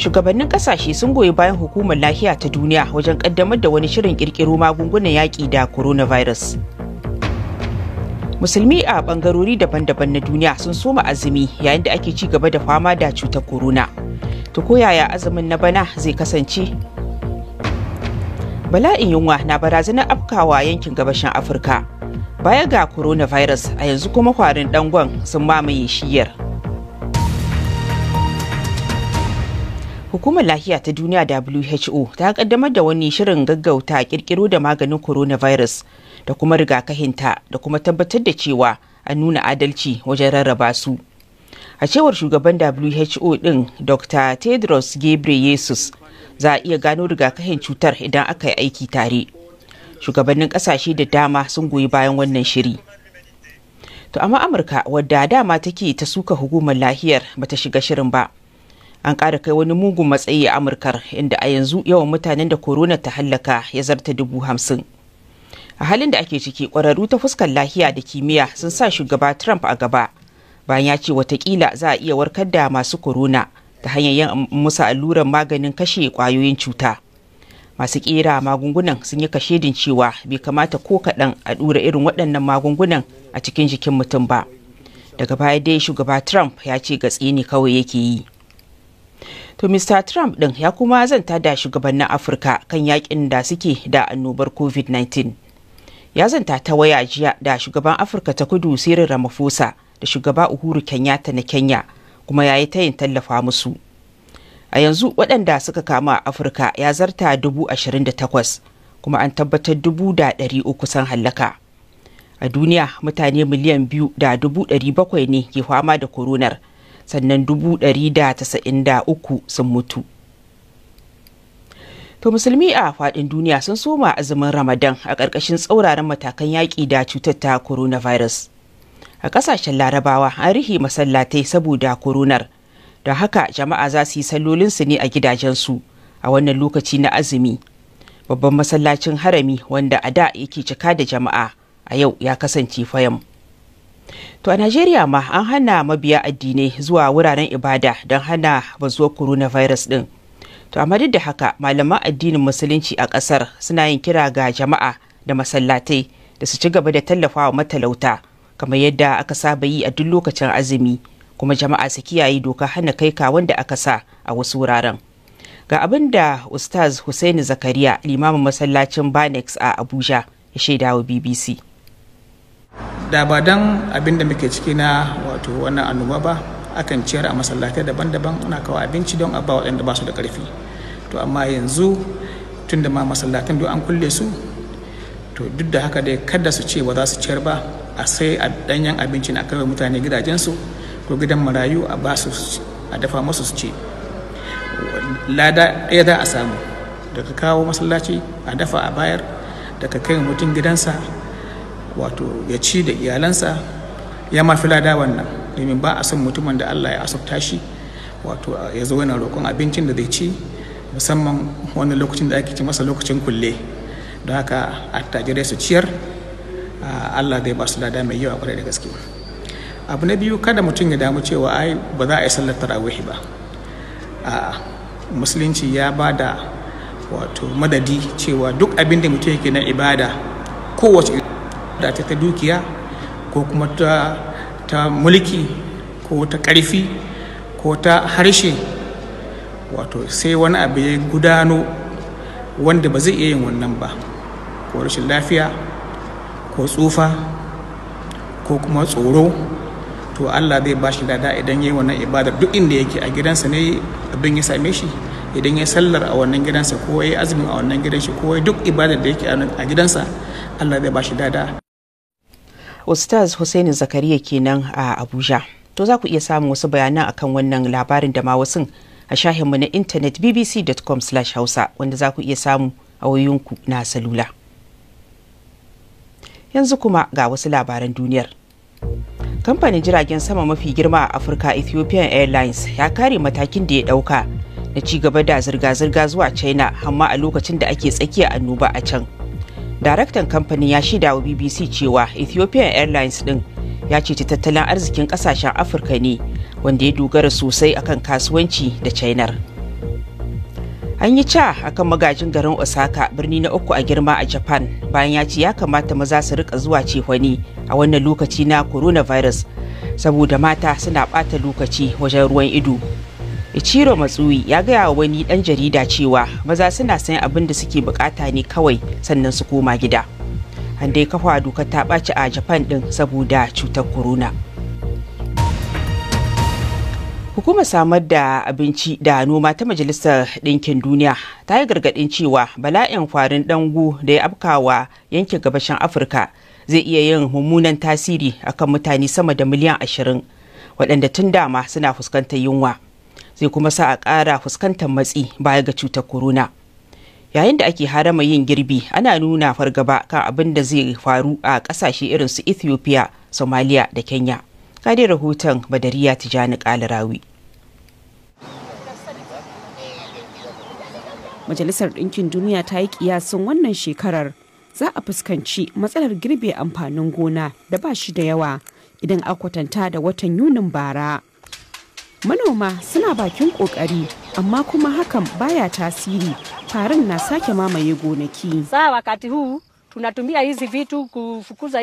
shugabannin kasashe sun goyi bayan hukumar lafiya ta duniya wajen kaddamar da wani shirin kirkiro magungunan yaƙi da coronavirus musulmi a bangarori daban-daban na duniya sun soma azumi yayin da ake ci gaba da fama da cutar corona ta ko yaya azumin na bana zai kasance bala'in yunwa na barazanar afkawa yankin gabashin afirka baya ga coronavirus a yanzu kuma kwarin dangon sun mamaye shiyar Hukumar lahiya ta Duniya WHO ta kaddamar da wani shirin gaggauta kirkiro da maganin coronavirus da kuma rigakahinta da kuma tabbatar da cewa an nuna adalci wajen rarraba su. A cewar shugaban WHO din Dr. Tedros Ghebreyesus za a iya gano rigakahin cutar idan aka yi aiki tare. Shugabannin kasashe da dama sun goyi bayan wannan shiri. To amma Amurka wadda dama take ta suka hukumar lahiyar bata shiga shirin ba. an ƙara kai wani mugun matsayi a amurkar inda a yanzu yawan mutanen da korona ta hallaka ya zarta dubu hamsin a halin da ake ciki kwararru ta fuskar lahiya da kimiyya sun sa shugaba trump a gaba bayan ya ce watakila za a iya warkar da masu korona ta hanyar yin musu alluran maganin kashe kwayoyin cuta masu ƙera magungunan sun yi kashedin cewa bai kamata ko kaɗan a ɗura irin waɗannan magungunan a cikin jikin mutum ba daga baya dai shugaba trump ya ce gatsi ne kawai yake yi To Mr. Trump ɗin ya kuma zanta da shugabannin Afirka kan yakin da suke da annobar COVID-19. Ya zanta ta waya jiya da shugaban Afirka ta kudu Cyril Ramaphosa da shugaba Uhuru Kenya ta na Kenya kuma ya yi tayin tallafa musu. A yanzu waɗanda suka kama a Afirka ya zarta dubu ashirin da takwas kuma an tabbatar dubu da ɗari uku san hallaka. a duniya mutane miliyan biyu da dubu ɗari bakwai ne ke fama da koronar sannan 193 sun mutu To musulmi a faɗin duniya sun soma azumin Ramadan a ƙarƙashin tsauraran matakan yaƙi da cutar ta coronavirus. A ƙasashen larabawa an rihe masallatai saboda koronar, da haka jama'a za su yi sallolinsu ne a gidajensu a wannan lokaci na azumi. Babban masallacin harami wanda a da yake cika da jama'a a yau ya kasance fayam. To a Najeriya ma an hana mabiya addinai zuwa wuraren ibada don hana bazuwa coronavirus din. To amma duk da haka malaman addinin musulunci a ƙasar suna yin kira ga jama'a da masallatai da su ci gaba da tallafawa matalauta kamar yadda aka saba yi a duk lokacin azumi kuma jama'a su kiyaye doka hana kai ka wanda aka sa a wasu wuraren. Ga abin da Ustaz Hussaini Zakariya limamin masallacin Banex a Abuja ya shaidawa BBC. da ba dan abin da muke ciki na wato wannan annoba ba akan ciyar a masallatai daban-daban ana kawo abinci don a ba waɗanda ba su da ƙarfi to amma yanzu tun da ma masallatan duk an kulle su to duk da haka dai kada su ce ba za su ciyar ba a sai a danyen abincin a kawai mutane gidajensu ko gidan marayu a ba su a dafa masu su ce lada ɗaya za a samu daga kawo masallaci a dafa a bayar daga kai mutum gidansa wato ya ci da iyalansa ya mafi lada wannan domin ba a son mutumin da Allah ya asabta shi wato ya zo yana roƙon abincin da zai ci musamman wani lokacin da ake ci masa lokacin kulle don haka attajirai su ciyar ah, Allah zai ba su lada mai yawa kwarai da gaske abu na biyu kada mutum ya damu cewa ai ba za a yi sallar tarawihi ba a ah, musulunci ya ba da wato madadi cewa duk abin da mutum yake na ibada kowace hulɗa ta ta dukiya ko kuma ta mulki ko ta ƙarfi ko ta harshe wato sai wani abu ya gudano wanda ba zai iya yin wannan ba ko rashin lafiya ko tsufa ko kuma tsoro to Allah zai ba shi lada idan ya yi wannan ibadar duk inda yake a gidansa ne abin ya same shi idan ya sallar a wannan gidansa ko ya yi azumin a wannan gidan shi ko ya duk ibadar da yake a gidansa Allah zai ba shi dada ustaz Hussaini zakariya kenan a abuja to za ku iya samun wasu bayanan akan wannan labarin da ma wasu a shahinmu na intanet bbc.com hausa wanda za ku iya samu a wayoyinku na salula yanzu kuma ga wasu labaran duniyar kamfanin jiragen sama mafi girma a afirka ethiopian airlines ya kare matakin da ya dauka na ci gaba da zirga-zirga zuwa china amma a lokacin da ake tsakiya annoba a can daraktan kamfanin ya shida wa bbc cewa ethiopian airlines din ya ta tattalin arzikin kasashen afirka ne wanda ya dogara sosai akan kasuwanci da china an yi ca akan magajin garin osaka birni na uku a girma a japan bayan ya ce ya kamata maza su rika zuwa cefane a wannan lokaci na coronavirus saboda mata suna ɓata lokaci wajen ruwan ido Ichiro Matsui ya gaya wa wani ɗan jarida cewa maza suna sayan abin da suke bukata ne kawai sannan su koma gida. An dai kafa dokar ta ɓaci a Japan ɗin saboda cutar corona. Hukumar samar da abinci da noma ta Majalisar Ɗinkin Duniya ta yi gargaɗin cewa bala'in kwarin ɗangu da ya afkawa yankin gabashin Afirka zai iya yin mummunan tasiri akan mutane sama da miliyan ashirin waɗanda tun dama suna fuskantar yunwa. zai kuma sa a ƙara fuskantar matsi baya ga cutar corona yayin da ake harama yin girbi ana nuna fargaba kan abin da zai faru a ƙasashe irin su ethiopia somalia da kenya kadi rahoton badariya tijani kalarawi majalisar ɗinkin duniya ta yi kiyasin wannan shekarar za a fuskanci matsalar girbe amfanin gona da ba shi da yawa idan a kwatanta da watan yunin bara manoma suna bakin kokari amma kuma hakan baya tasiri farin na sake mamaye gonaki tunatumia hizi vitu kufukuza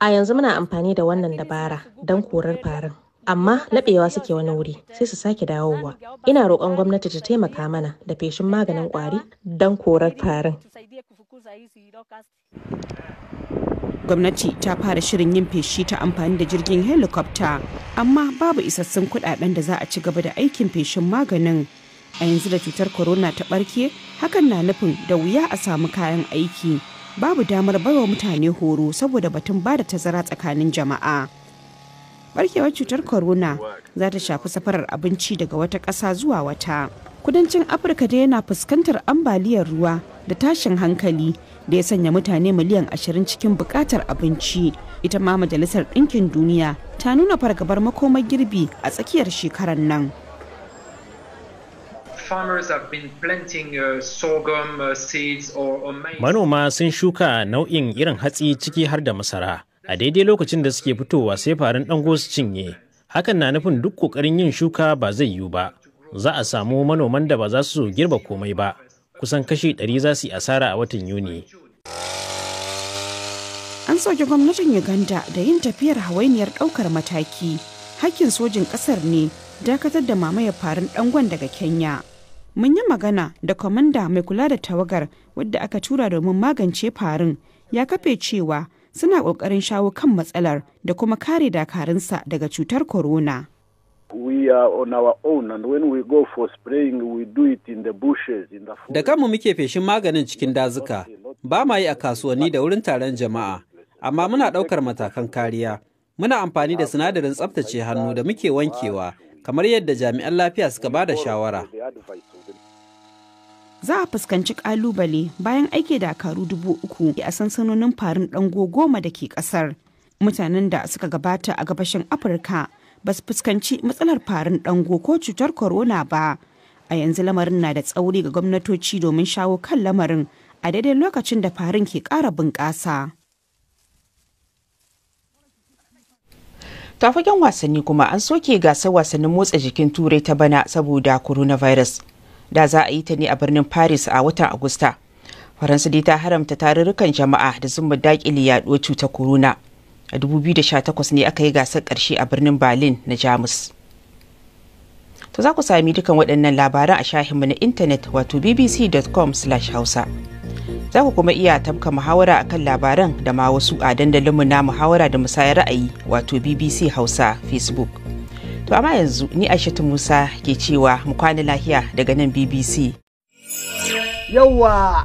a yanzu muna amfani da wannan dabara don korar farin amma laɓewa suke wani wuri sai su sake dawowa ina roƙon gwamnati ta taimaka mana da feshin maganin kwari don korar farin gwamnati ta fara shirin yin feshi ta amfani da jirgin helicopter amma babu isassun kudaden da za a ci gaba da aikin feshin maganin a yanzu da cutar corona ta barke hakan na nufin da wuya a samu kayan aiki babu damar baiwa mutane horo saboda batun bada tazara tsakanin jama'a barkewar cutar corona za ta shafi safarar abinci daga wata ƙasa zuwa wata kudancin afirka dai yana fuskantar ambaliyar ruwa da tashin hankali da ya sanya mutane miliyan ashirin cikin bukatar abinci ita ma majalisar ɗinkin duniya ta nuna fargabar makomar girbi a tsakiyar shekarar nan uh, uh, manoma sun shuka nau'in irin hatsi ciki har da masara a daidai lokacin da suke fitowa sai farin dango su cinye hakan na nufin duk ƙoƙarin yin shuka ba zai yiwu ba za a samu manoman da ba za su girba komai ba kusan kashi 100 za su yi asara a watan yuni an soke gwamnatin uganda da yin tafiyar hawainiyar ɗaukar mataki hakkin sojin ƙasar ne dakatar da mamayar farin ɗangon daga kenya mun yi magana da kwamanda mai kula da tawagar wadda aka tura domin magance farin ya kafe cewa suna ƙoƙarin shawo kan matsalar da kuma kare dakarunsa daga cutar corona. Da kanmu muke feshin maganin cikin dazuka, ba ma yi a kasuwanni da wurin taron jama'a, amma muna ɗaukar matakan kariya. Muna amfani da sinadarin tsaftace hannu da muke wankewa, kamar yadda jami'an lafiya suka ba da shawara. Za a fuskanci ƙalubale bayan aike dakaru dubu uku a sansanonin farin ɗango goma da ke ƙasar. Mutanen da suka gabata a gabashin Afirka ba su fuskanci matsalar farin dango ko cutar corona ba a yanzu lamarin na da tsauri ga gwamnatoci domin shawo kan lamarin a daidai lokacin da farin ke ƙara bunƙasa. tafagen wasanni kuma an soke gasar wasannin motsa jikin turai ta bana saboda coronavirus da za a yi ta ne a birnin paris a watan agusta faransa dai ta haramta tarurrukan jama'a da zuma dakile yaɗuwar cutar corona a 2018 ne aka yi gasar ƙarshe a birnin berlin na jamus to za ku sami dukan waɗannan labaran a shahinmu na intanet wato bbc.com hausa za ku kuma iya tafka muhawara a kan labaran da ma wasu a dandalinmu na muhawara da musayar ra'ayi wato bbc hausa facebook to amma yanzu ni aishatu musa ke cewa mu kwana lahiya daga nan bbc yawwa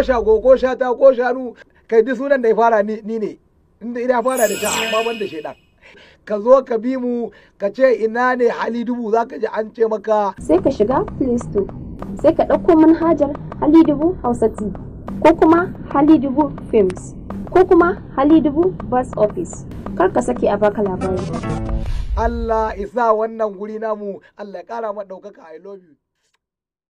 ko go ko shata ko shanu kai duk sunan da ya fara ni ne inda ina fara da ta amma ban da shaidan ka zo ka bi mu ka ce ina ne hali dubu za ka ji an ce maka sai ka shiga play store sai ka ɗauko manhajar hali dubu hausa ko kuma hali dubu films ko kuma hali dubu bus office kar ka sake a baka labari Allah isa wannan guri namu Allah ya kara ma ɗaukaka I love you